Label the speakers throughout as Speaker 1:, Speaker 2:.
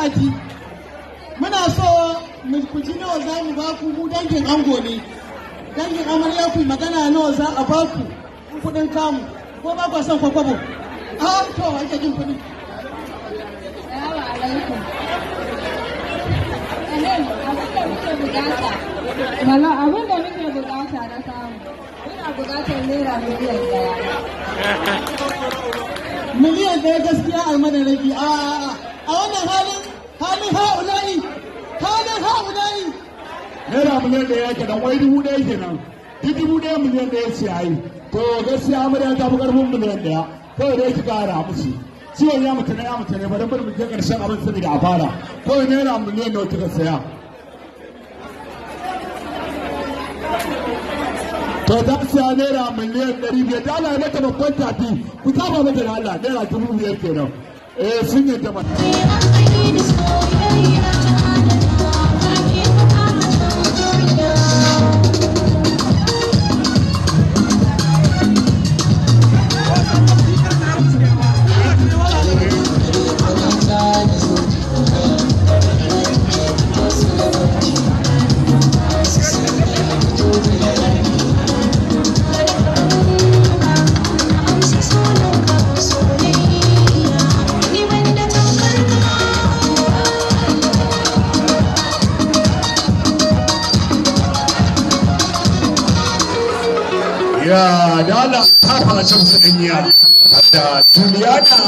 Speaker 1: wa'azi muna so mulkuji nawa za mu ba ku mu dangin ango ne dangin amarya ku magana nawa za a ba ku kuɗin kamu ko ba ku son kwakwabo a to ake jin kuɗi Assalamu alaikum. Wala abin da muke bukata na samu. Muna bukatar naira miliyan ɗaya Miliyan daya gaskiya almadarabi rabi. A wannan halin halin ha'ula'i halin ha'ula'i naira miliyan ɗaya yake nan wai dubu ɗaya ke nan duk dubu ɗaya miliyan ɗaya ce a yi to gaskiya amarya ta fi ƙarfin miliyan ɗaya kawai dai ki ƙara musu ciwon ya mutane ya mutane bari bari mu je ƙarshen abin saboda a fara kawai naira miliyan nawa kika saya to ta siya naira miliyan ɗari biyar da Allah ya mata ku Allah dubu biyar Eh, fini jama'a. ya da Allah ta fara can sanya da duniya da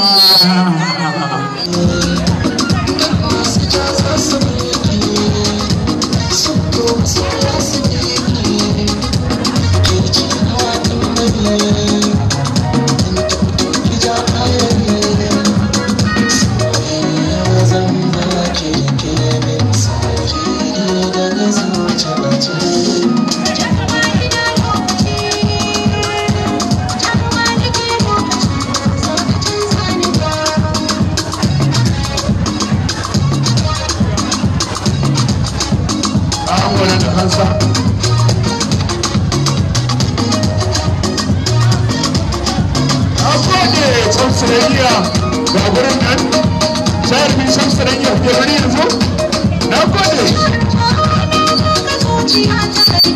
Speaker 1: mana da hansa ga gurin nan jarumi yanzu